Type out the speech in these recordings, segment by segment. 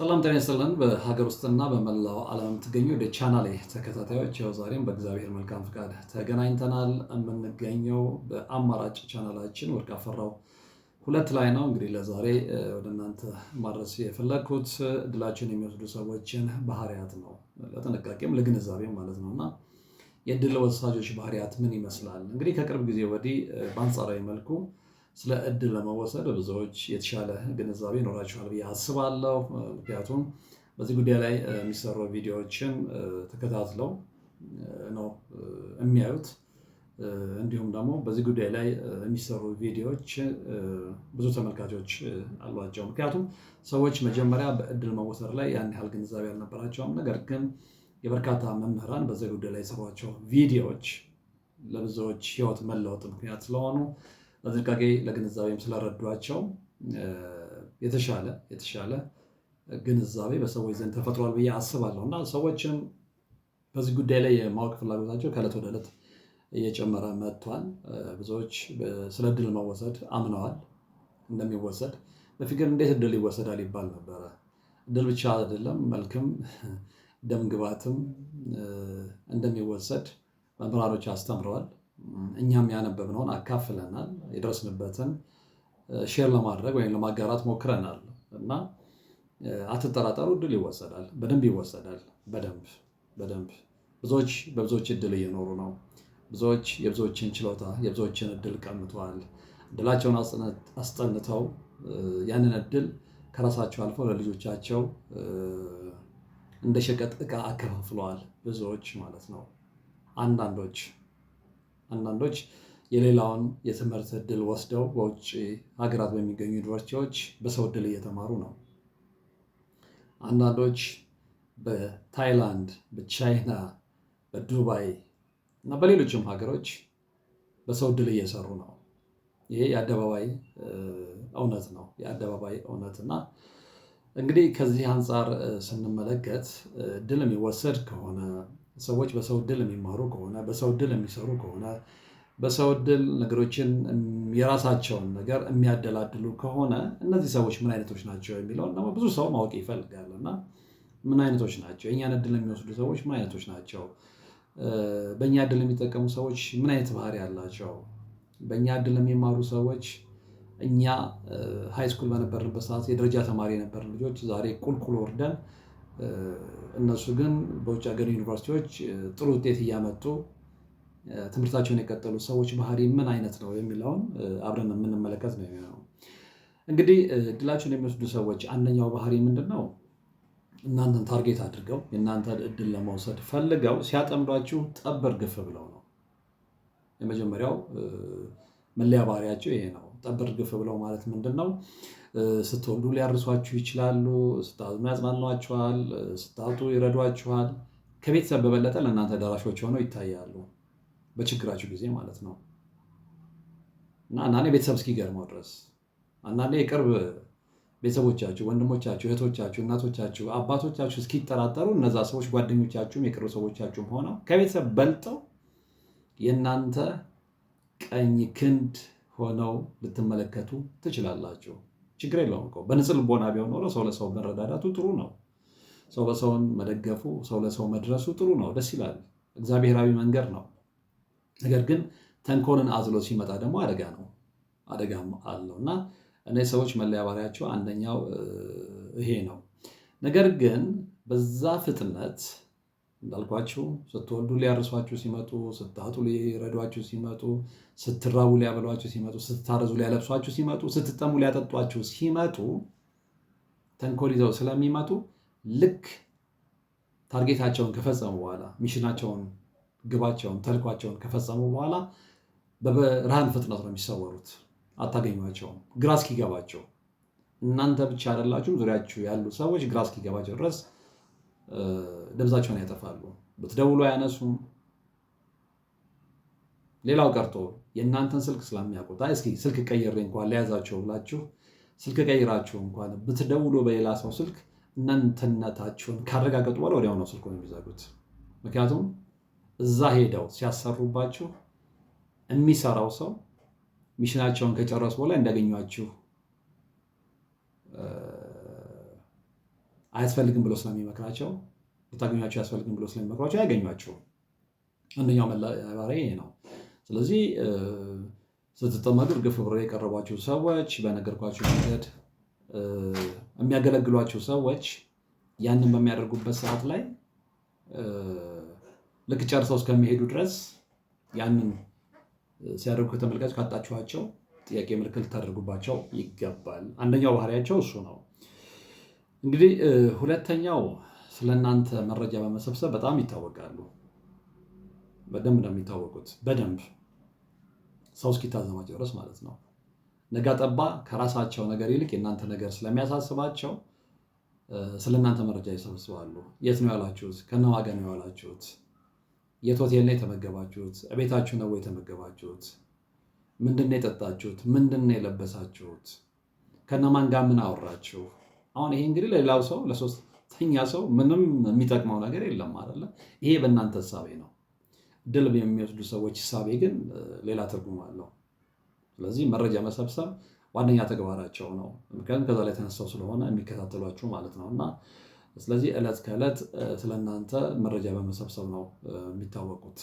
ሰላም ጤና ይስጥልን። በሀገር ውስጥና በመላው ዓለም የምትገኙ ወደ ቻናሌ ተከታታዮች ያው ዛሬም በእግዚአብሔር መልካም ፍቃድ ተገናኝተናል። የምንገኘው በአማራጭ ቻናላችን ወርቅ አፈራው ሁለት ላይ ነው። እንግዲህ ለዛሬ ወደ እናንተ ማድረስ የፈለግኩት እድላቸውን የሚወስዱ ሰዎችን ባህሪያት ነው፣ ለጥንቃቄም ለግንዛቤም ማለት ነው እና የእድል ወሳጆች ባህሪያት ምን ይመስላል? እንግዲህ ከቅርብ ጊዜ ወዲህ በአንጻራዊ መልኩ ስለ እድል ለመወሰድ ብዙዎች የተሻለ ግንዛቤ ይኖራቸዋል ብዬ አስባለሁ። ምክንያቱም በዚህ ጉዳይ ላይ የሚሰሩ ቪዲዮዎችን ተከታትለው ነው የሚያዩት። እንዲሁም ደግሞ በዚህ ጉዳይ ላይ የሚሰሩ ቪዲዮዎች ብዙ ተመልካቾች አሏቸው። ምክንያቱም ሰዎች መጀመሪያ በእድል መወሰድ ላይ ያን ያህል ግንዛቤ አልነበራቸውም። ነገር ግን የበርካታ መምህራን በዚህ ጉዳይ ላይ የሰሯቸው ቪዲዮዎች ለብዙዎች ሕይወት መለወጥ ምክንያት ስለሆኑ በጥንቃቄ ለግንዛቤም ስለረዷቸው የተሻለ የተሻለ ግንዛቤ በሰዎች ዘንድ ተፈጥሯል ብዬ አስባለሁ እና ሰዎችም በዚህ ጉዳይ ላይ የማወቅ ፍላጎታቸው ከእለት ወደ ዕለት እየጨመረ መጥቷል። ብዙዎች ስለ እድል መወሰድ አምነዋል እንደሚወሰድ። በፊት ግን እንዴት እድል ይወሰዳል ይባል ነበረ። እድል ብቻ አይደለም መልክም ደምግባትም እንደሚወሰድ መምህራኖች አስተምረዋል። እኛም ያነበብነውን አካፍለናል። የደረስንበትን ሼር ለማድረግ ወይም ለማጋራት ሞክረናል እና አትጠራጠሩ፣ እድል ይወሰዳል። በደንብ ይወሰዳል። በደንብ በደንብ ብዙዎች በብዙዎች እድል እየኖሩ ነው። ብዙዎች የብዙዎችን ችሎታ የብዙዎችን እድል ቀምተዋል። እድላቸውን አስጠንተው ያንን እድል ከራሳቸው አልፈው ለልጆቻቸው እንደ ሸቀጥ እቃ አከፋፍለዋል። ብዙዎች ማለት ነው አንዳንዶች አንዳንዶች የሌላውን የትምህርት እድል ወስደው በውጭ ሀገራት በሚገኙ ዩኒቨርሲቲዎች በሰው እድል እየተማሩ ነው። አንዳንዶች በታይላንድ፣ በቻይና፣ በዱባይ እና በሌሎችም ሀገሮች በሰው እድል እየሰሩ ነው። ይሄ የአደባባይ እውነት ነው። የአደባባይ እውነት እና እንግዲህ ከዚህ አንጻር ስንመለከት ድል የሚወሰድ ከሆነ ሰዎች በሰው እድል የሚማሩ ከሆነ በሰው እድል የሚሰሩ ከሆነ በሰው እድል ነገሮችን የራሳቸውን ነገር የሚያደላድሉ ከሆነ እነዚህ ሰዎች ምን አይነቶች ናቸው የሚለውን ደግሞ ብዙ ሰው ማወቅ ይፈልጋል እና ምን አይነቶች ናቸው የእኛን እድል የሚወስዱ ሰዎች ምን አይነቶች ናቸው? በእኛ እድል የሚጠቀሙ ሰዎች ምን አይነት ባህሪ አላቸው? በእኛ እድል የሚማሩ ሰዎች እኛ ሃይስኩል በነበርንበት ሰዓት የደረጃ ተማሪ የነበርን ልጆች ዛሬ ቁልቁል ወርደን እነሱ ግን በውጭ ሀገር ዩኒቨርሲቲዎች ጥሩ ውጤት እያመጡ ትምህርታቸውን የቀጠሉ ሰዎች ባህሪ ምን አይነት ነው የሚለውን አብረን የምንመለከት ነው የሚሆነው። እንግዲህ እድላቸውን የሚወስዱ ሰዎች አንደኛው ባህሪ ምንድን ነው? እናንተን ታርጌት አድርገው የእናንተ እድል ለመውሰድ ፈልገው ሲያጠምዷችሁ ጠብ እርግፍ ብለው ነው የመጀመሪያው መለያ ባህሪያቸው ይሄ ነው። ጠብ ግፍ ብለው ማለት ምንድን ነው? ስትወልዱ ሊያርሷችሁ ይችላሉ። ስታዝኑ ያጽናኗችኋል። ስታጡ ይረዷችኋል። ከቤተሰብ በበለጠ ለእናንተ ደራሾች ሆነው ይታያሉ፣ በችግራችሁ ጊዜ ማለት ነው። እና አንዳንዴ ቤተሰብ እስኪገርመው ድረስ አንዳንዴ የቅርብ ቤተሰቦቻችሁ፣ ወንድሞቻችሁ፣ እህቶቻችሁ፣ እናቶቻችሁ፣ አባቶቻችሁ እስኪጠራጠሩ እነዛ ሰዎች ጓደኞቻችሁም የቅርብ ሰዎቻችሁም ሆነው ከቤተሰብ በልጠው የእናንተ ቀኝ ክንድ ሆነው ልትመለከቱ ትችላላችሁ። ችግር የለውም እኮ በንጽህ ልቦና ቢሆን ኖሮ ሰው ለሰው መረዳዳቱ ጥሩ ነው። ሰው ለሰውን መደገፉ፣ ሰው ለሰው መድረሱ ጥሩ ነው፣ ደስ ይላል። እግዚአብሔራዊ መንገድ ነው። ነገር ግን ተንኮልን አዝሎ ሲመጣ ደግሞ አደጋ ነው፣ አደጋም አለው እና እነዚህ ሰዎች መለያ ባህሪያቸው አንደኛው ይሄ ነው። ነገር ግን በዛ ፍጥነት እንዳልኳችሁ ስትወልዱ ሊያርሷችሁ ሲመጡ፣ ስታጡ ሊረዷችሁ ሲመጡ፣ ስትራቡ ሊያበሏችሁ ሲመጡ፣ ስትታረዙ ሊያለብሷችሁ ሲመጡ፣ ስትጠሙ ሊያጠጧችሁ ሲመጡ ተንኮል ይዘው ስለሚመጡ ልክ ታርጌታቸውን ከፈጸሙ በኋላ ሚሽናቸውን፣ ግባቸውን፣ ተልኳቸውን ከፈጸሙ በኋላ በብርሃን ፍጥነት ነው የሚሰወሩት። አታገኟቸውም። ግራ እስኪገባቸው እናንተ ብቻ አይደላችሁም፣ ዙሪያችሁ ያሉ ሰዎች ግራ እስኪገባቸው ድረስ ደብዛቸውን ያጠፋሉ። ብትደውሉ አያነሱም። ሌላው ቀርቶ የእናንተን ስልክ ስለሚያውቁት እስኪ ስልክ ቀይሬ እንኳን ለያዛቸው ብላችሁ ስልክ ቀይራችሁ እንኳን ብትደውሉ በሌላ ሰው ስልክ እናንተነታችሁን ካረጋገጡ በኋላ ወዲያው ነው ስልኩን የሚዘጉት። ምክንያቱም እዛ ሄደው ሲያሰሩባችሁ የሚሰራው ሰው ሚሽናቸውን ከጨረሱ በኋላ እንዳገኟችሁ አያስፈልግም ብሎ ስለሚመክራቸው ልታገኟቸው አያስፈልግም ብሎ ስለሚመክሯቸው አያገኟቸውም። አንደኛው መላባሪያ ይሄ ነው። ስለዚህ ስትጠመዱ እርግፍ ብሬ የቀረቧቸው ሰዎች በነገርኳቸው መንገድ የሚያገለግሏቸው ሰዎች ያንን በሚያደርጉበት ሰዓት ላይ ልክ ጨርሰው እስከሚሄዱ ድረስ ያንን ሲያደርጉ ከተመልካች ካጣችኋቸው ጥያቄ ምልክት ልታደርጉባቸው ይገባል። አንደኛው ባህሪያቸው እሱ ነው። እንግዲህ ሁለተኛው ስለ እናንተ መረጃ በመሰብሰብ በጣም ይታወቃሉ። በደንብ ነው የሚታወቁት። በደንብ ሰው እስኪታዘባቸው ድረስ ማለት ነው። ነጋ ጠባ ከራሳቸው ነገር ይልቅ የእናንተ ነገር ስለሚያሳስባቸው ስለ እናንተ መረጃ ይሰበስባሉ። የት ነው ያላችሁት? ከነ ዋጋ ነው ያላችሁት? የት ሆቴል ነው የተመገባችሁት? ቤታችሁ ነው የተመገባችሁት? ምንድን ነው የጠጣችሁት? ምንድን ነው የለበሳችሁት? ከነማን ጋር ምን አወራችሁ? አሁን ይሄ እንግዲህ ለሌላው ሰው ለሶስተኛ ሰው ምንም የሚጠቅመው ነገር የለም አይደለ? ይሄ በእናንተ እሳቤ ነው። ድል የሚወስዱ ሰዎች እሳቤ ግን ሌላ ትርጉም አለው። ስለዚህ መረጃ መሰብሰብ ዋነኛ ተግባራቸው ነው። ምክንያቱም ከዛ ላይ ተነሳው ስለሆነ የሚከታተሏችሁ ማለት ነው እና ስለዚህ ዕለት ከዕለት ስለእናንተ መረጃ በመሰብሰብ ነው የሚታወቁት።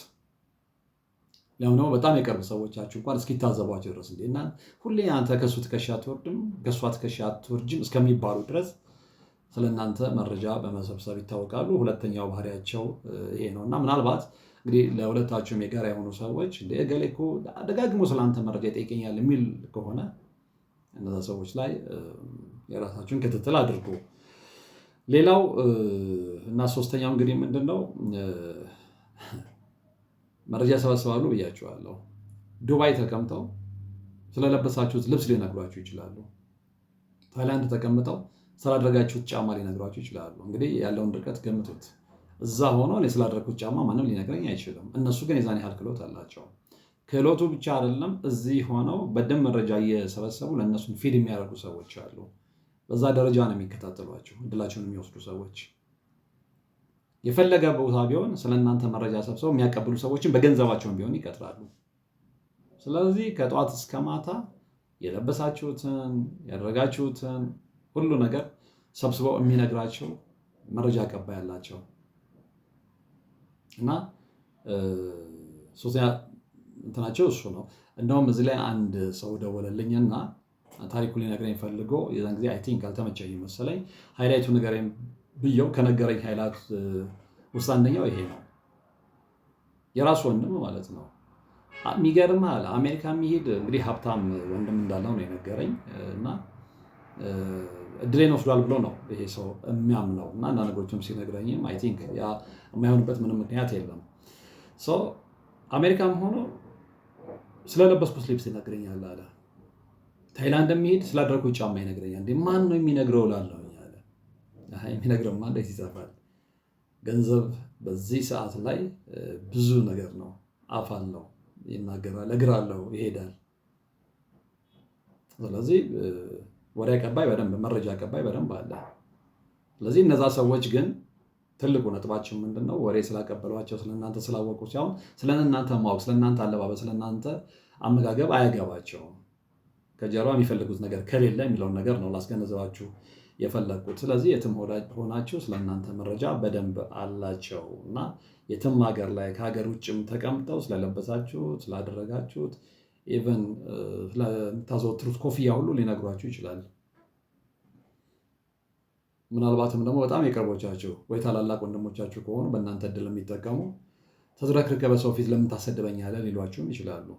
ለምን ደግሞ በጣም የቀርብ ሰዎቻችሁ እንኳን እስኪታዘቧቸው ድረስ እንዴ እና ሁሌ አንተ ከሱ ትከሻ አትወርድም ከእሷ ትከሻ አትወርጅም እስከሚባሉ ድረስ ስለእናንተ መረጃ በመሰብሰብ ይታወቃሉ። ሁለተኛው ባህሪያቸው ይሄ ነው እና ምናልባት እንግዲህ ለሁለታችሁም የጋራ የሆኑ ሰዎች እገሌ እኮ ደጋግሞ አንተ መረጃ ይጠይቀኛል የሚል ከሆነ እነዛ ሰዎች ላይ የራሳችሁን ክትትል አድርጉ። ሌላው እና ሶስተኛው እንግዲህ ምንድን ነው መረጃ ሰበስባሉ ብያቸዋለሁ። ዱባይ ተቀምጠው ስለለበሳችሁት ልብስ ሊነግሯችሁ ይችላሉ። ታይላንድ ተቀምጠው ስላደረጋችሁት ጫማ ሊነግሯችሁ ይችላሉ። እንግዲህ ያለውን ድርቀት ገምቱት። እዛ ሆኖ እኔ ስላደረግኩት ጫማ ማንም ሊነግረኝ አይችልም። እነሱ ግን የዛን ያህል ክህሎት አላቸው። ክህሎቱ ብቻ አይደለም፣ እዚህ ሆነው በደንብ መረጃ እየሰበሰቡ ለእነሱን ፊድ የሚያደርጉ ሰዎች አሉ። በዛ ደረጃ ነው የሚከታተሏቸው፣ እድላቸውን የሚወስዱ ሰዎች የፈለገ ቦታ ቢሆን ስለ እናንተ መረጃ ሰብሰው የሚያቀብሉ ሰዎችን በገንዘባቸውን ቢሆን ይቀጥራሉ። ስለዚህ ከጠዋት እስከ ማታ የለበሳችሁትን ያደረጋችሁትን ሁሉ ነገር ሰብስበው የሚነግራቸው መረጃ አቀባይ ያላቸው እና ሶስተኛ እንትናቸው እሱ ነው። እንደውም እዚህ ላይ አንድ ሰው ደወለልኝ እና ታሪኩ ሊነግረኝ ፈልጎ የዛን ጊዜ አይ ቲንክ አልተመቸኝም መሰለኝ ሃይላይቱ ነገር ብየው ከነገረኝ ኃይላት ውስጥ አንደኛው ይሄ ነው። የራሱ ወንድም ማለት ነው። የሚገርምሃል አሜሪካ የሚሄድ እንግዲህ ሀብታም ወንድም እንዳለው ነው የነገረኝ እና እድሌን ወስዷል ብሎ ነው ይሄ ሰው የሚያምነው እና አንዳንድ ነገሮችም ሲነግረኝም አይ ቲንክ ያ የማይሆንበት ምንም ምክንያት የለም። አሜሪካም ሆኖ ስለለበስኩት ልብስ ይነግረኛል አለ። ታይላንድ የሚሄድ ስላደረኩት ጫማ ይነግረኛል። ማን ነው የሚነግረው ላለው የሚነግረን ማለት ይተርፋል። ገንዘብ በዚህ ሰዓት ላይ ብዙ ነገር ነው። አፍ አለው፣ ይናገራል፣ እግር አለው፣ ይሄዳል። ስለዚህ ወሬ አቀባይ በደንብ መረጃ አቀባይ በደንብ አለ። ስለዚህ እነዛ ሰዎች ግን ትልቁ ነጥባችን ምንድን ነው? ወሬ ስላቀበሏቸው ስለእናንተ ስላወቁ ሲሆን ስለእናንተ ማወቅ ስለእናንተ አለባበስ ስለእናንተ አመጋገብ አያገባቸውም። ከጀርባ የሚፈልጉት ነገር ከሌለ የሚለውን ነገር ነው ላስገነዘባችሁ የፈለግኩት። ስለዚህ የትም ሆናችሁ ስለእናንተ መረጃ በደንብ አላቸው እና የትም ሀገር ላይ ከሀገር ውጭም ተቀምጠው ስለለበሳችሁት፣ ስላደረጋችሁት፣ ኢቨን ስለምታዘወትሩት ኮፍያ ሁሉ ሊነግሯችሁ ይችላል። ምናልባትም ደግሞ በጣም የቅርቦቻችሁ ወይ ታላላቅ ወንድሞቻችሁ ከሆኑ በእናንተ እድል የሚጠቀሙ ተዝረክርከ በሰው ፊት ለምን ታሰድበኛለህ ሊሏችሁም ይችላሉ።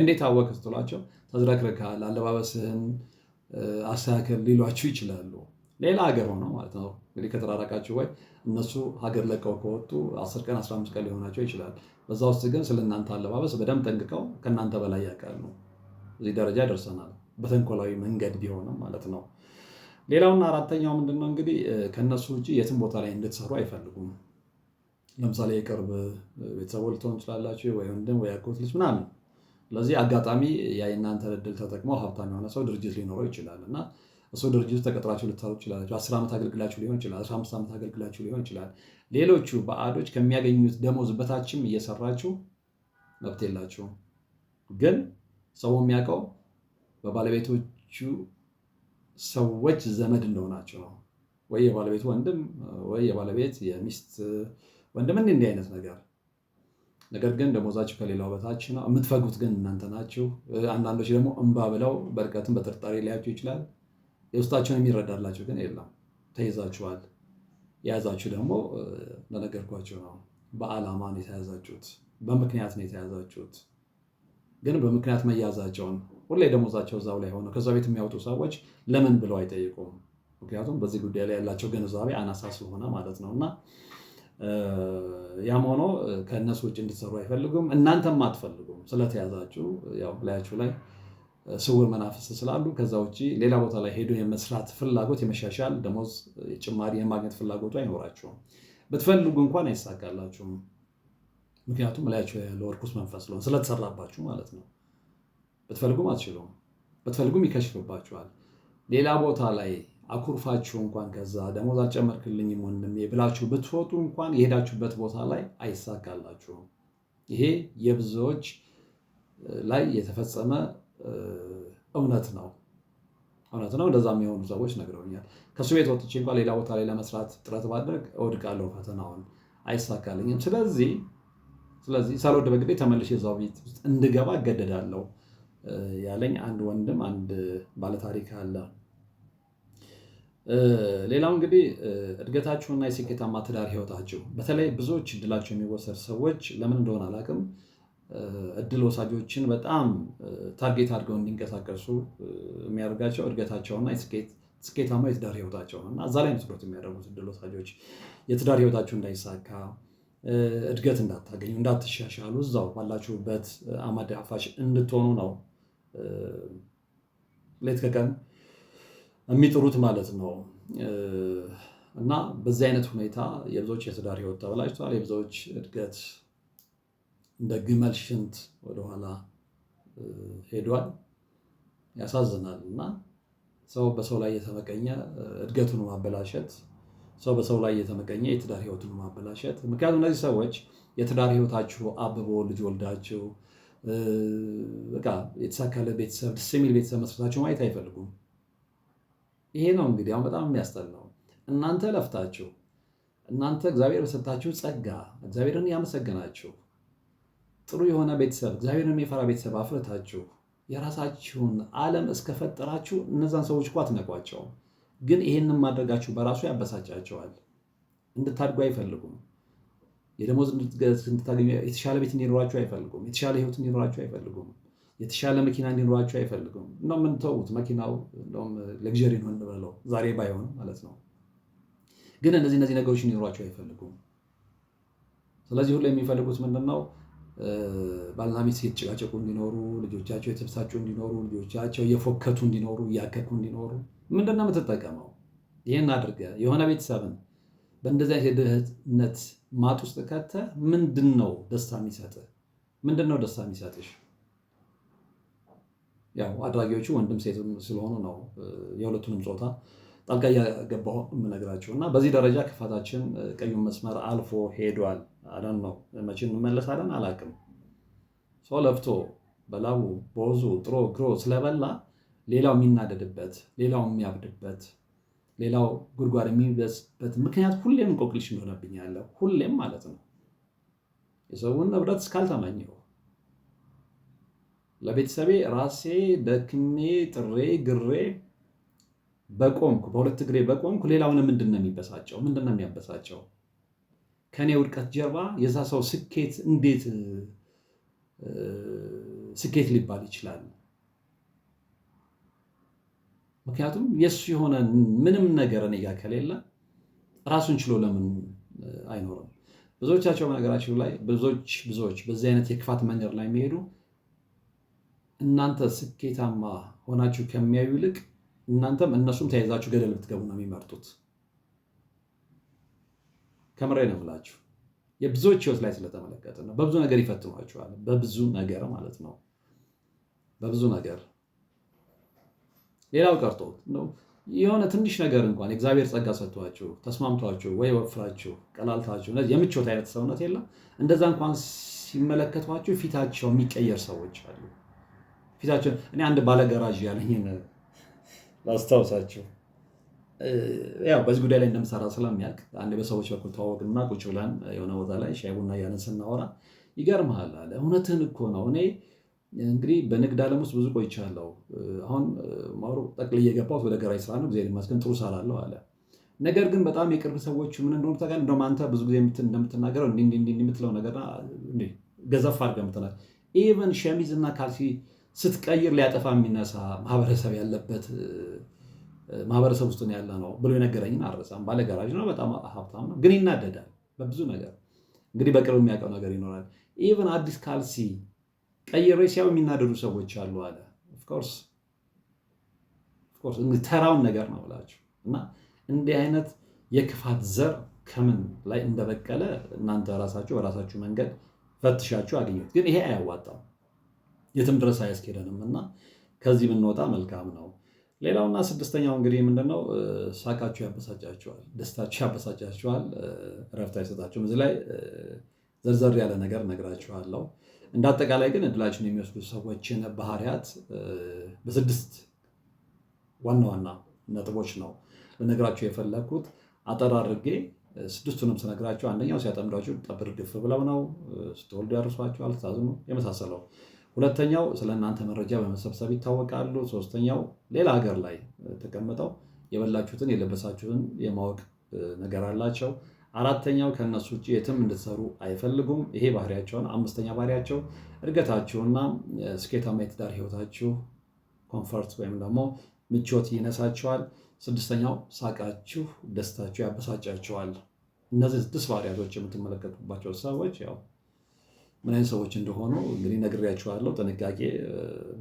እንዴት አወቅ ስትሏቸው ተዝረክርከሃል፣ አለባበስህን አስተካከል ሊሏችሁ ይችላሉ። ሌላ ሀገር ሆነው ማለት ነው እንግዲህ ከተራራቃችሁ ወይ እነሱ ሀገር ለቀው ከወጡ 10 ቀን 15 ቀን ሊሆናቸው ይችላል። በዛ ውስጥ ግን ስለ እናንተ አለባበስ በደንብ ጠንቅቀው ከእናንተ በላይ ያውቃሉ። እዚህ ደረጃ ደርሰናል። በተንኮላዊ መንገድ ቢሆንም ማለት ነው። ሌላውና አራተኛው ምንድነው እንግዲህ ከእነሱ ውጭ የትም ቦታ ላይ እንድትሰሩ አይፈልጉም። ለምሳሌ የቅርብ ቤተሰቦ ልትሆን ትችላላችሁ፣ ወይ ወንድም ወይ አጎት ልጅ ምናምን ስለዚህ አጋጣሚ የእናንተ እድል ተጠቅሞ ሀብታም የሆነ ሰው ድርጅት ሊኖረው ይችላል እና እሱ ድርጅት ተቀጥራችሁ ልታሩ ይችላላችሁ። አስር ዓመት አገልግላችሁ ሊሆን ይችላል። አስራ አምስት ዓመት አገልግላችሁ ሊሆን ይችላል። ሌሎቹ በአዶች ከሚያገኙት ደሞዝ በታችም እየሰራችሁ መብት የላችሁም። ግን ሰው የሚያውቀው በባለቤቶቹ ሰዎች ዘመድ እንደሆናቸው ነው። ወይ የባለቤቱ ወንድም ወይ የባለቤት የሚስት ወንድም እንዲህ አይነት ነገር ነገር ግን ደሞዛችሁ ከሌላው በታች ነው። የምትፈጉት ግን እናንተ ናችሁ። አንዳንዶች ደግሞ እንባ ብለው በርቀትም በጥርጣሬ ሊያቸው ይችላል። የውስጣቸውን የሚረዳላቸው ግን የለም። ተይዛችኋል። የያዛችሁ ደግሞ ለነገርኳችሁ ነው። በዓላማ ነው የተያዛችሁት፣ በምክንያት ነው የተያዛችሁት። ግን በምክንያት መያዛቸውን ሁሌ ደሞዛቸው እዛው ላይ ሆነው ከዛ ቤት የሚያወጡ ሰዎች ለምን ብለው አይጠይቁም። ምክንያቱም በዚህ ጉዳይ ላይ ያላቸው ግንዛቤ አናሳ ስለሆነ ማለት ነው እና ያም ሆኖ ከእነሱ ውጭ እንድትሰሩ አይፈልጉም፣ እናንተም አትፈልጉም። ስለተያዛችሁ ላያችሁ ላይ ስውር መናፍስ ስላሉ ከዛ ውጭ ሌላ ቦታ ላይ ሄዶ የመስራት ፍላጎት፣ የመሻሻል ደሞዝ ጭማሪ የማግኘት ፍላጎቱ አይኖራችሁም። ብትፈልጉ እንኳን አይሳካላችሁም። ምክንያቱም ላያችሁ ያለው እርኩስ መንፈስ ስለሆነ ስለተሰራባችሁ ማለት ነው። ብትፈልጉም አትችሉም። ብትፈልጉም ይከሽፍባችኋል። ሌላ ቦታ ላይ አኩርፋችሁ እንኳን ከዛ ደሞዝ አልጨመርክልኝም ወንድሜ ብላችሁ ብትወጡ እንኳን የሄዳችሁበት ቦታ ላይ አይሳካላችሁም። ይሄ የብዙዎች ላይ የተፈጸመ እውነት ነው እውነት ነው። እንደዛ የሚሆኑ ሰዎች ነግረውኛል። ከሱ ቤት ወጥቼ እንኳን ሌላ ቦታ ላይ ለመስራት ጥረት ባደርግ እወድቃለሁ፣ ፈተናውን አይሳካልኝም። ስለዚህ ስለዚህ ሳልወድ በግዴ ተመልሼ እዛው ቤት ውስጥ እንድገባ እገደዳለሁ ያለኝ አንድ ወንድም አንድ ባለታሪክ አለ ሌላው እንግዲህ እድገታችሁና የስኬታማ ትዳር ህይወታችሁ በተለይ ብዙዎች እድላቸው የሚወሰድ ሰዎች ለምን እንደሆነ አላውቅም እድል ወሳጆችን በጣም ታርጌት አድርገው እንዲንቀሳቀሱ የሚያደርጋቸው እድገታቸውና ስኬታማ የትዳር ህይወታቸው ነው እና እዛ ላይ ትኩረት የሚያደርጉት እድል ወሳጆች የትዳር ህይወታችሁ እንዳይሳካ እድገት እንዳታገኙ፣ እንዳትሻሻሉ እዛው ባላችሁበት አመድ አፋሽ እንድትሆኑ ነው ሌት ከቀን የሚጥሩት ማለት ነው። እና በዚህ አይነት ሁኔታ የብዙዎች የትዳር ህይወት ተበላሽቷል። የብዙዎች እድገት እንደ ግመል ሽንት ወደኋላ ሄዷል። ያሳዝናል። እና ሰው በሰው ላይ የተመቀኘ እድገቱን ማበላሸት፣ ሰው በሰው ላይ የተመቀኘ የትዳር ህይወቱን ማበላሸት። ምክንያቱም እነዚህ ሰዎች የትዳር ህይወታችሁ አብቦ ልጅ ወልዳችሁ በቃ የተሳካለ ቤተሰብ ደስ የሚል ቤተሰብ መስረታችሁ ማየት አይፈልጉም። ይሄ ነው እንግዲህ አሁን በጣም የሚያስጠላው። እናንተ ለፍታችሁ እናንተ እግዚአብሔር በሰጣችሁ ጸጋ እግዚአብሔርን ያመሰገናችሁ ጥሩ የሆነ ቤተሰብ እግዚአብሔርን የሚፈራ ቤተሰብ አፍርታችሁ የራሳችሁን ዓለም እስከፈጠራችሁ እነዛን ሰዎች እኳ አትነቋቸው። ግን ይህንን ማድረጋችሁ በራሱ ያበሳጫቸዋል። እንድታድጉ አይፈልጉም። የደሞዝ እንድትገዝ እንድታገኙ የተሻለ ቤት እንዲኖራችሁ አይፈልጉም። የተሻለ ህይወት እንዲኖራችሁ አይፈልጉም። የተሻለ መኪና እንዲኖራቸው አይፈልግም። እንደውም የምንተውት መኪናው እንደውም ለግዠሪ ነው እንበለው ዛሬ ባይሆን ማለት ነው። ግን እነዚህ እነዚህ ነገሮች እንዲኖራቸው አይፈልጉም። ስለዚህ ሁሉ የሚፈልጉት ምንድን ነው? ባልና ሚስት እየተጨቃጨቁ እንዲኖሩ፣ ልጆቻቸው የተብሳጩ እንዲኖሩ፣ ልጆቻቸው እየፎከቱ እንዲኖሩ፣ እያከኩ እንዲኖሩ። ምንድን ነው የምትጠቀመው? ይህን አድርገ የሆነ ቤተሰብን በእንደዚህ አይነት የድህነት ማጥ ውስጥ ከተህ ምንድን ነው ደስታ የሚሰጥህ? ምንድን ነው ደስታ የሚሰጥሽ? ያው አድራጊዎቹ ወንድም ሴትም ስለሆኑ ነው የሁለቱንም ጾታ ጣልቃ እያገባሁ የምነግራቸው እና በዚህ ደረጃ ክፋታችን ቀዩን መስመር አልፎ ሄዷል። አለን ነው መቼ እንመለሳለን አላውቅም። ሰው ለፍቶ በላቡ በወዙ ጥሮ ግሮ ስለበላ ሌላው የሚናደድበት፣ ሌላው የሚያብድበት፣ ሌላው ጉድጓድ የሚበስበት ምክንያት ሁሌም እንቆቅልሽ እንደሆነብኝ ያለ ሁሌም ማለት ነው የሰውን ንብረት እስካልተመኘው ለቤተሰቤ ራሴ ደክሜ ጥሬ ግሬ በቆምኩ በሁለት እግሬ በቆምኩ። ሌላውን ምንድን ነው የሚበሳጨው? ምንድን ነው የሚያበሳጨው? ከእኔ ውድቀት ጀርባ የዛ ሰው ስኬት እንዴት ስኬት ሊባል ይችላል? ምክንያቱም የእሱ የሆነ ምንም ነገር እኔ ጋ ከሌለ ራሱን ችሎ ለምን አይኖርም? ብዙዎቻቸው በነገራችሁ ላይ ብዙዎች ብዙዎች በዚህ አይነት የክፋት መንገድ ላይ የሚሄዱ እናንተ ስኬታማ ሆናችሁ ከሚያዩ ይልቅ እናንተም እነሱም ተያይዛችሁ ገደል ብትገቡ ነው የሚመርጡት። ከምሬ ነው ብላችሁ የብዙዎች ህይወት ላይ ስለተመለከተ ነው። በብዙ ነገር ይፈትኗችኋል። በብዙ ነገር ማለት ነው። በብዙ ነገር ሌላው ቀርቶ የሆነ ትንሽ ነገር እንኳን እግዚአብሔር ጸጋ ሰጥቷችሁ ተስማምቷችሁ ወይ ወፍራችሁ ቀላልታችሁ የምቾት አይነት ሰውነት የለም እንደዛ እንኳን ሲመለከቷችሁ ፊታቸው የሚቀየር ሰዎች አሉ። ፊታቸው እኔ አንድ ባለ ገራዥ ያለኝን ላስታውሳቸው። ያው በዚህ ጉዳይ ላይ እንደምሰራ ስለሚያውቅ አንድ በሰዎች በኩል ተዋወቅና ቁጭ ብለን የሆነ ቦታ ላይ ሻይ ቡና እያለን ስናወራ ይገርምሃል አለ። እውነትን እኮ ነው። እኔ እንግዲህ በንግድ ዓለም ውስጥ ብዙ ቆይቻለሁ። አሁን ማሩ ጠቅል የገባሁት ወደ ገራጅ ስራ ነው። እግዚአብሔር ይመስገን ጥሩ እሰራለሁ አለ። ነገር ግን በጣም የቅርብ ሰዎች ምን እንደሆኑ ታውቃለህ። እንደውም አንተ ብዙ ጊዜ እንደምትናገረው እንዲህ እንዲህ እንዲህ የምትለው ነገር ገዘፍ አድርገህ የምትናገር ኢቨን ሸሚዝ እና ካልሲ ስትቀይር ሊያጠፋ የሚነሳ ማህበረሰብ ያለበት ማህበረሰብ ውስጥ ያለ ነው ብሎ የነገረኝን አረሳም። ባለ ነው፣ በጣም ሀብታም ነው፣ ግን ይናደዳል በብዙ ነገር። እንግዲህ በቅርብ የሚያውቀው ነገር ይኖራል። ኢቨን አዲስ ካልሲ ቀይሬ ሲያው የሚናደዱ ሰዎች አሉ አለ። ኦፍኮርስ ተራውን ነገር ነው ብላችሁ እና እንዲህ አይነት የክፋት ዘር ከምን ላይ እንደበቀለ እናንተ ራሳችሁ በራሳችሁ መንገድ ፈትሻችሁ አገኘት። ግን ይሄ አያዋጣም። የትም ድረስ አያስኬደንም እና ከዚህ ብንወጣ መልካም ነው። ሌላውና ስድስተኛው እንግዲህ ምንድነው ሳቃችሁ ያበሳጫችኋል፣ ደስታችሁ ያበሳጫችኋል፣ እረፍት አይሰጣችሁም። እዚህ ላይ ዘርዘር ያለ ነገር ነግራችኋለሁ። እንደ አጠቃላይ ግን እድላችን የሚወስዱ ሰዎችን ባህሪያት በስድስት ዋና ዋና ነጥቦች ነው ልነግራችሁ የፈለግኩት። አጠር አድርጌ ስድስቱንም ስነግራችሁ አንደኛው ሲያጠምዷችሁ ጠብር ድፍ ብለው ነው፣ ስትወልዱ ያርሷችኋል፣ ስታዝኑ የመሳሰለው ሁለተኛው ስለ እናንተ መረጃ በመሰብሰብ ይታወቃሉ። ሶስተኛው ሌላ ሀገር ላይ ተቀምጠው የበላችሁትን የለበሳችሁትን የማወቅ ነገር አላቸው። አራተኛው ከእነሱ ውጭ የትም እንድትሰሩ አይፈልጉም። ይሄ ባህሪያቸውን። አምስተኛ ባህሪያቸው እድገታችሁና ስኬታማ የትዳር ህይወታችሁ ኮንፈርት ወይም ደግሞ ምቾት ይነሳችኋል። ስድስተኛው ሳቃችሁ፣ ደስታችሁ ያበሳጫችኋል። እነዚህ ስድስት ባህሪያቶች የምትመለከቱባቸው ሰዎች ያው ምን አይነት ሰዎች እንደሆኑ እንግዲህ ነግሬያችኋለሁ። ጥንቃቄ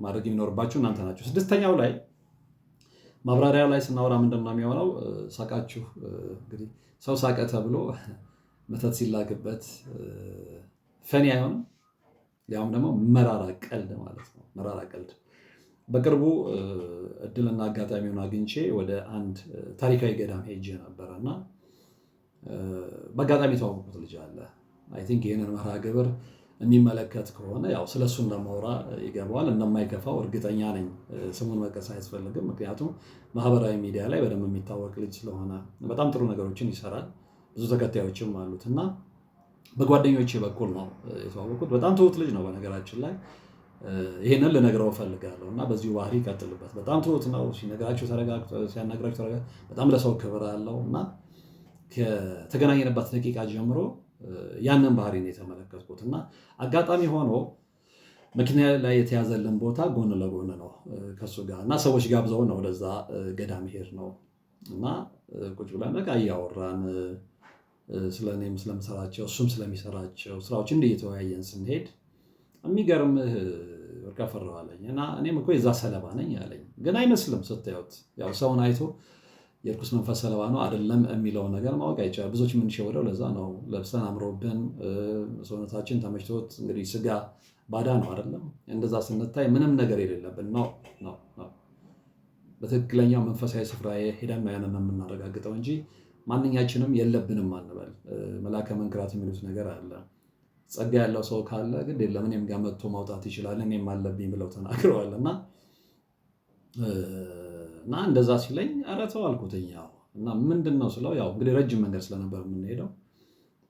ማድረግ የሚኖርባችሁ እናንተ ናቸው። ስድስተኛው ላይ ማብራሪያ ላይ ስናወራ ምንድን ነው የሚሆነው? ሳቃችሁ እንግዲህ ሰው ሳቀ ተብሎ መተት ሲላክበት ፈኒ አይሆንም። ያውም ደግሞ መራራ ቀልድ ማለት ነው። መራራ ቀልድ በቅርቡ እድልና አጋጣሚውን አግኝቼ ወደ አንድ ታሪካዊ ገዳም ሄጄ ነበረ እና በአጋጣሚ ተዋወቁት ልጅ አለ አይ ቲንክ ይህንን መርሃ ግብር የሚመለከት ከሆነ ያው ስለ እሱ እንደማውራ ይገባዋል። እንደማይከፋው እርግጠኛ ነኝ። ስሙን መቀስ አያስፈልግም። ምክንያቱም ማህበራዊ ሚዲያ ላይ በደንብ የሚታወቅ ልጅ ስለሆነ በጣም ጥሩ ነገሮችን ይሰራል። ብዙ ተከታዮችም አሉት እና በጓደኞች በኩል ነው የተዋወቁት። በጣም ትሁት ልጅ ነው በነገራችን ላይ ይህንን ልነግረው እፈልጋለሁ እና በዚሁ ባህሪ ይቀጥልበት። በጣም ትሁት ነው። ሲነግራቸው ተረጋግጦ ተረጋግጦ በጣም ለሰው ክብር አለው እና ከተገናኘንበት ደቂቃ ጀምሮ ያንን ባህሪ ነው የተመለከትኩት እና አጋጣሚ ሆኖ መኪና ላይ የተያዘልን ቦታ ጎን ለጎን ነው ከሱ ጋር እና ሰዎች ጋብዘው ነው ወደዛ ገዳ መሄድ ነው እና ቁጭ ብለን በቃ እያወራን ስለእኔም ስለምሰራቸው እሱም ስለሚሰራቸው ስራዎች እንደ እየተወያየን ስንሄድ የሚገርምህ በቃ ፈራዋለኝ እና እኔም እኮ የዛ ሰለባ ነኝ አለኝ። ግን አይመስልም ስታዩት ያው ሰውን አይቶ የቅዱስ መንፈስ ሰለባ ነው አይደለም የሚለውን ነገር ማወቅ አይቻል። ብዙዎች የምንሸወደው ለዛ ነው። ለብሰን አምሮብን ሰውነታችን ተመችቶት እንግዲህ ስጋ ባዳ ነው አይደለም። እንደዛ ስንታይ ምንም ነገር የሌለብን ነው ነው ነው። በትክክለኛው መንፈሳዊ ስፍራ ሄደን ነው ያንን የምናረጋግጠው እንጂ ማንኛችንም የለብንም አንበል። መላከ መንክራት የሚሉት ነገር አለ። ጸጋ ያለው ሰው ካለ ግን የለም እኔም ጋር መጥቶ ማውጣት ይችላል እኔም አለብኝ ብለው ተናግረዋል እና እና እንደዛ ሲለኝ ኧረ ተው አልኩትኝ። ያው እና ምንድን ነው ስለው ያው እንግዲህ ረጅም መንገድ ስለነበር የምንሄደው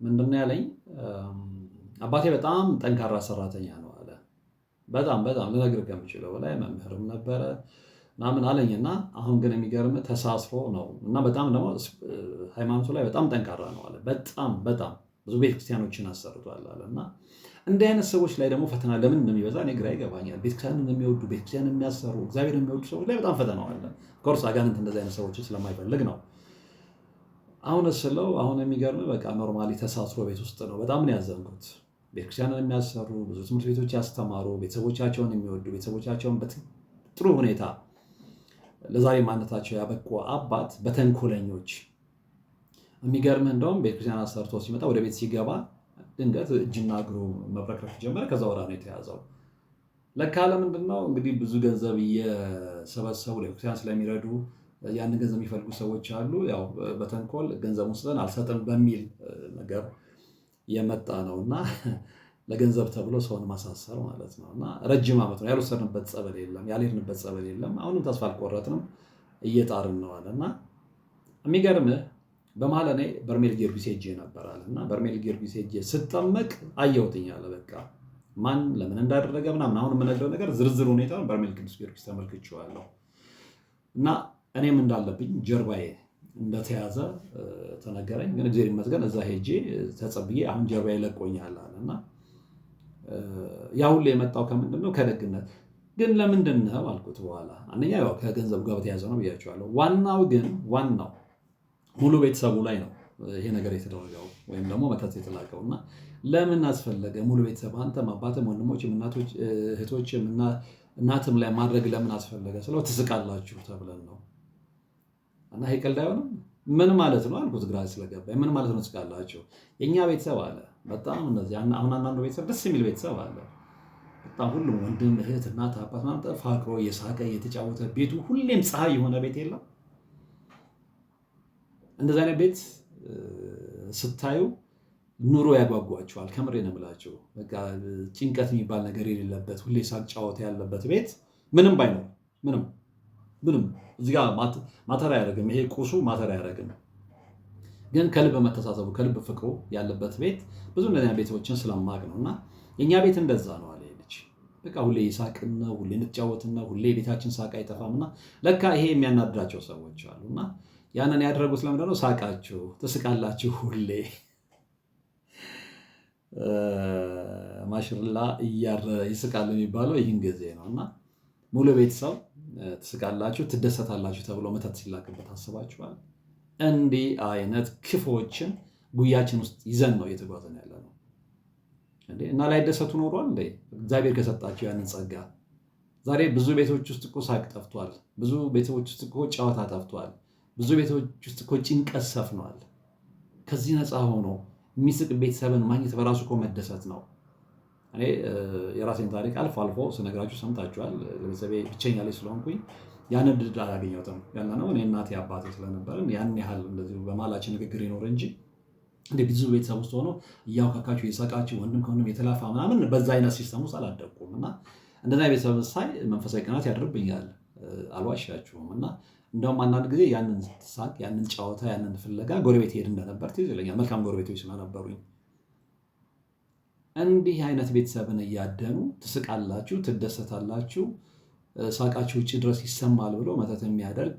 ምንድን ነው ያለኝ አባቴ በጣም ጠንካራ ሰራተኛ ነው አለ። በጣም በጣም ልነግርህ ከምችለው በላይ መምህርም ነበረ ምናምን አለኝ። እና አሁን ግን የሚገርም ተሳስሮ ነው እና በጣም ደግሞ ሃይማኖቱ ላይ በጣም ጠንካራ ነው አለ። በጣም በጣም ብዙ ቤተክርስቲያኖችን አሰርቷል አለ እና እንዲህ አይነት ሰዎች ላይ ደግሞ ፈተና ለምን እንደሚበዛ እኔ ግራ ይገባኛል። ቤተክርስቲያን የሚወዱ ቤተክርስቲያን የሚያሰሩ እግዚአብሔር የሚወዱ ሰዎች ላይ በጣም ፈተናው አለ። ኮርስ አጋንንት እንደዚህ አይነት ሰዎች ስለማይፈልግ ነው። አሁን ስለው አሁን የሚገርም በቃ ኖርማሊ ተሳስሮ ቤት ውስጥ ነው። በጣም ነው ያዘንኩት። ቤተክርስቲያንን የሚያሰሩ ብዙ ትምህርት ቤቶች ያስተማሩ ቤተሰቦቻቸውን የሚወዱ ቤተሰቦቻቸውን በጥሩ ሁኔታ ለዛሬ ማነታቸው ያበቁ አባት በተንኮለኞች የሚገርምህ እንደውም ቤተክርስቲያን አሰርቶ ሲመጣ ወደ ቤት ሲገባ ድንገት እጅና እግሩ መብረክረክ ጀመረ። ከዛ ወራ ነው የተያዘው። ለካ ለምንድን ነው እንግዲህ ብዙ ገንዘብ እየሰበሰቡ ለክርስቲያን ስለሚረዱ ያንን ገንዘብ የሚፈልጉ ሰዎች አሉ። ያው በተንኮል ገንዘብ ስጠን አልሰጥም በሚል ነገር የመጣ ነው እና ለገንዘብ ተብሎ ሰውን ማሳሰር ማለት ነው እና ረጅም ዓመት ነው ያልወሰድንበት ጸበል የለም፣ ያልሄድንበት ጸበል የለም። አሁንም ተስፋ አልቆረጥንም፣ እየጣርን ነዋል እና የሚገርምህ በመሀል እኔ በርሜል ጊዮርጊስ ሄጄ ነበር አለ እና በርሜል ጊዮርጊስ ሄጄ ስጠመቅ አየሁትኝ አለ። በቃ ማን ለምን እንዳደረገ ምናምን አሁን የምነግረው ነገር ዝርዝር ሁኔታውን በርሜል ቅዱስ ጊዮርጊስ ተመልክቼዋለሁ። እና እኔም እንዳለብኝ ጀርባዬ እንደተያዘ ተነገረኝ። ግን እግዚአብሔር ይመስገን እዛ ሄጄ ተጸብዬ አሁን ጀርባዬ ለቆኛል አለ እና ያ ሁሉ የመጣው ከምንድን ነው? ከደግነት ግን ለምንድን ነው አልኩት። በኋላ አንደኛ ያው ከገንዘብ ጋር በተያዘ ነው ብያቸዋለሁ። ዋናው ግን ዋናው ሙሉ ቤተሰቡ ላይ ነው ይሄ ነገር የተደረገው ወይም ደግሞ መተት የተላቀው እና ለምን አስፈለገ? ሙሉ ቤተሰብ አንተም፣ አባትም፣ ወንድሞችም፣ እህቶችም እናትም ላይ ማድረግ ለምን አስፈለገ ስለው ትስቃላችሁ ተብለን ነው እና ይሄ ቀልድ አይሆንም። ምን ማለት ነው አልኩት፣ ግራ ስለገባኝ። ምን ማለት ነው ትስቃላችሁ? የእኛ ቤተሰብ አለ በጣም እነዚህ አሁን አንዳንዱ ቤተሰብ ደስ የሚል ቤተሰብ አለ በጣም ሁሉም ወንድም፣ እህት፣ እናት፣ አባት ፋቅሮ ፈቅሮ የሳቀ የተጫወተ ቤቱ ሁሌም ፀሐይ የሆነ ቤት የለም እንደዚህ አይነት ቤት ስታዩ ኑሮ ያጓጓቸዋል። ከምሬ ነው የምላቸው። ጭንቀት የሚባል ነገር የሌለበት ሁሌ ሳቅ ጨዋታ ያለበት ቤት ምንም ባይኖር ምንም ምንም እዚህ ማተር አያደርግም። ይሄ ቁሱ ማተር አያደርግም። ግን ከልብ መተሳሰቡ ከልብ ፍቅሩ ያለበት ቤት ብዙ እንደኛ ቤቶችን ስለማቅ ነው። እና የእኛ ቤት እንደዛ ነው አለ ልጅ በቃ ሁሌ ይሳቅን ሁሌ እንጫወትን ሁሌ ቤታችን ሳቅ አይጠፋም። እና ለካ ይሄ የሚያናድዳቸው ሰዎች አሉ እና ያንን ያደረጉት ለምንድን ነው? ሳቃችሁ፣ ትስቃላችሁ ሁሌ ማሽርላ እያረ ይስቃል የሚባለው ይህን ጊዜ ነው እና ሙሉ ቤተሰብ ትስቃላችሁ፣ ትደሰታላችሁ ተብሎ መተት ሲላክበት አስባችኋል። እንዲህ አይነት ክፎችን ጉያችን ውስጥ ይዘን ነው እየተጓዘን ያለ ነው እና ላይደሰቱ ኖሯል እንዴ? እግዚአብሔር ከሰጣቸው ያንን ጸጋ። ዛሬ ብዙ ቤቶች ውስጥ እኮ ሳቅ ጠፍቷል። ብዙ ቤቶች ውስጥ እኮ ጨዋታ ጠፍቷል። ብዙ ቤቶች ውስጥ እኮ ጭንቀት ሰፍኗል። ከዚህ ነፃ ሆኖ የሚስቅ ቤተሰብን ማግኘት በራሱ እኮ መደሰት ነው። እኔ የራሴን ታሪክ አልፎ አልፎ ስነግራችሁ ሰምታችኋል። ለቤተሰቤ ብቸኛ ላይ ስለሆንኩኝ ያን እድል አላገኘሁትም። ያን ነው እኔ እናቴ አባቴ ስለነበርን ያን ያህል እንደዚሁ በማላችን ንግግር ይኖር እንጂ እንደ ብዙ ቤተሰብ ውስጥ ሆኖ እያውካካችሁ የሰቃችሁ ወንድም ከወንድም የተላፋ ምናምን በዛ አይነት ሲስተም ውስጥ አላደኩም እና እንደዚ ቤተሰብ ሳይ መንፈሳዊ ቅናት ያደርብኛል። አልዋሻችሁም እና እንደውም አንዳንድ ጊዜ ያንን ሳቅ፣ ያንን ጨዋታ፣ ያንን ፍለጋ ጎረቤት ሄድ እንደነበር ትዝ ይለኛል። መልካም ጎረቤቶች ስለነበሩኝ እንዲህ አይነት ቤተሰብን እያደኑ ትስቃላችሁ፣ ትደሰታላችሁ፣ ሳቃችሁ ውጭ ድረስ ይሰማል ብሎ መተት የሚያደርግ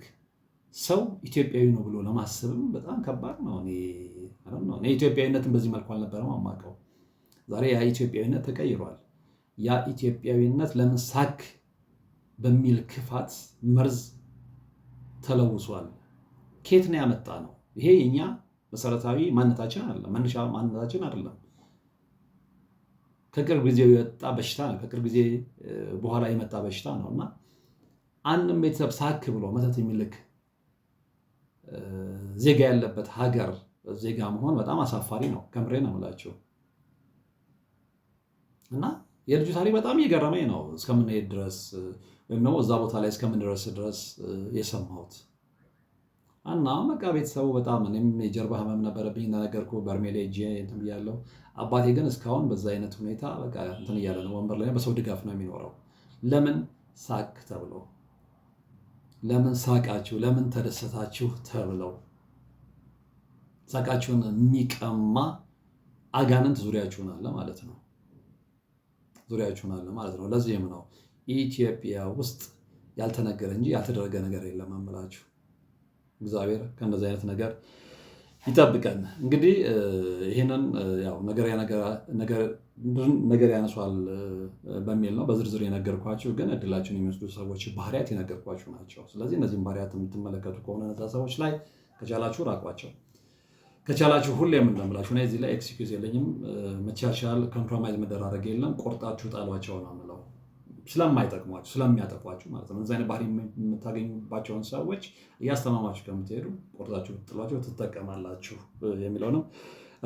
ሰው ኢትዮጵያዊ ነው ብሎ ለማሰብም በጣም ከባድ ነው። እኔ ኢትዮጵያዊነትን በዚህ መልኩ አልነበረም አማቀው። ዛሬ ያ ኢትዮጵያዊነት ተቀይሯል። ያ ኢትዮጵያዊነት ለምን ሳቅ በሚል ክፋት መርዝ ተለውሷል። ኬት ነው ያመጣ ነው? ይሄ የኛ መሰረታዊ ማንነታችን አይደለም፣ መነሻ ማንነታችን አይደለም። ከቅርብ ጊዜ የወጣ በሽታ ነው። ከቅርብ ጊዜ በኋላ የመጣ በሽታ ነው እና አንድም ቤተሰብ ሳክ ብሎ መተት የሚልክ ዜጋ ያለበት ሀገር ዜጋ መሆን በጣም አሳፋሪ ነው። ከምሬ ነው የምላችሁ እና የልጁ ታሪክ በጣም እየገረመኝ ነው እስከምንሄድ ድረስ ወይም ደግሞ እዛ ቦታ ላይ እስከምንደርስ ድረስ የሰማሁት እና በቃ ቤተሰቡ በጣም እኔም የጀርባ ህመም ነበረብኝ እንደነገርኩ በርሜላ እጅ እንትን ብያለሁ። አባቴ ግን እስካሁን በዛ አይነት ሁኔታ በቃ እንትን እያለ ነው፣ ወንበር ላይ በሰው ድጋፍ ነው የሚኖረው። ለምን ሳቅ ተብለው፣ ለምን ሳቃችሁ፣ ለምን ተደሰታችሁ ተብለው ሳቃችሁን የሚቀማ አጋንንት ዙሪያችሁን አለ ማለት ነው። ዙሪያችሁን አለ ማለት ነው። ለዚህም ነው ኢትዮጵያ ውስጥ ያልተነገረ እንጂ ያልተደረገ ነገር የለም አምላችሁ። እግዚአብሔር ከእንደዚህ አይነት ነገር ይጠብቀን። እንግዲህ ይህንን ያው ነገር ያነሷል በሚል ነው በዝርዝር የነገርኳቸው፣ ግን እድላቸውን የሚወስዱ ሰዎች ባህሪያት የነገርኳቸው ናቸው። ስለዚህ እነዚህም ባህሪያት የምትመለከቱ ከሆነ ሰዎች ላይ ከቻላችሁ ራቋቸው። ከቻላችሁ ሁሌም የምንለምላችሁ እኔ እዚህ ላይ ኤክስኪውዝ የለኝም። መቻቻል ኮምፕሮማይዝ መደራረግ የለም። ቆርጣችሁ ጣሏቸው ነው የምለው፣ ስለማይጠቅሟችሁ ስለሚያጠፏችሁ ማለት ነው። እዛ አይነት ባህሪ የምታገኙባቸውን ሰዎች እያስተማማችሁ ከምትሄዱ ቆርጣችሁ ጥሏቸው ትጠቀማላችሁ የሚለው ነው።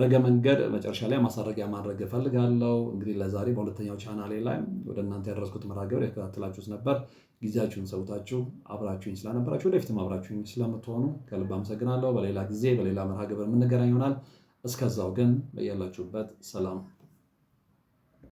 ረገ መንገድ መጨረሻ ላይ ማሳረጊያ ማድረግ እፈልጋለሁ። እንግዲህ ለዛሬ በሁለተኛው ቻናሌ ላይ ወደ እናንተ ያደረስኩት መርሃ ግብር የተከታተላችሁት ነበር። ጊዜያችሁን ሰውታችሁ አብራችሁኝ ስላነበራችሁ ወደፊትም አብራችሁኝ ስለምትሆኑ ከልብ አመሰግናለሁ። በሌላ ጊዜ በሌላ መርሃ ግብር የምንገናኝ ይሆናል። እስከዛው ግን በያላችሁበት ሰላም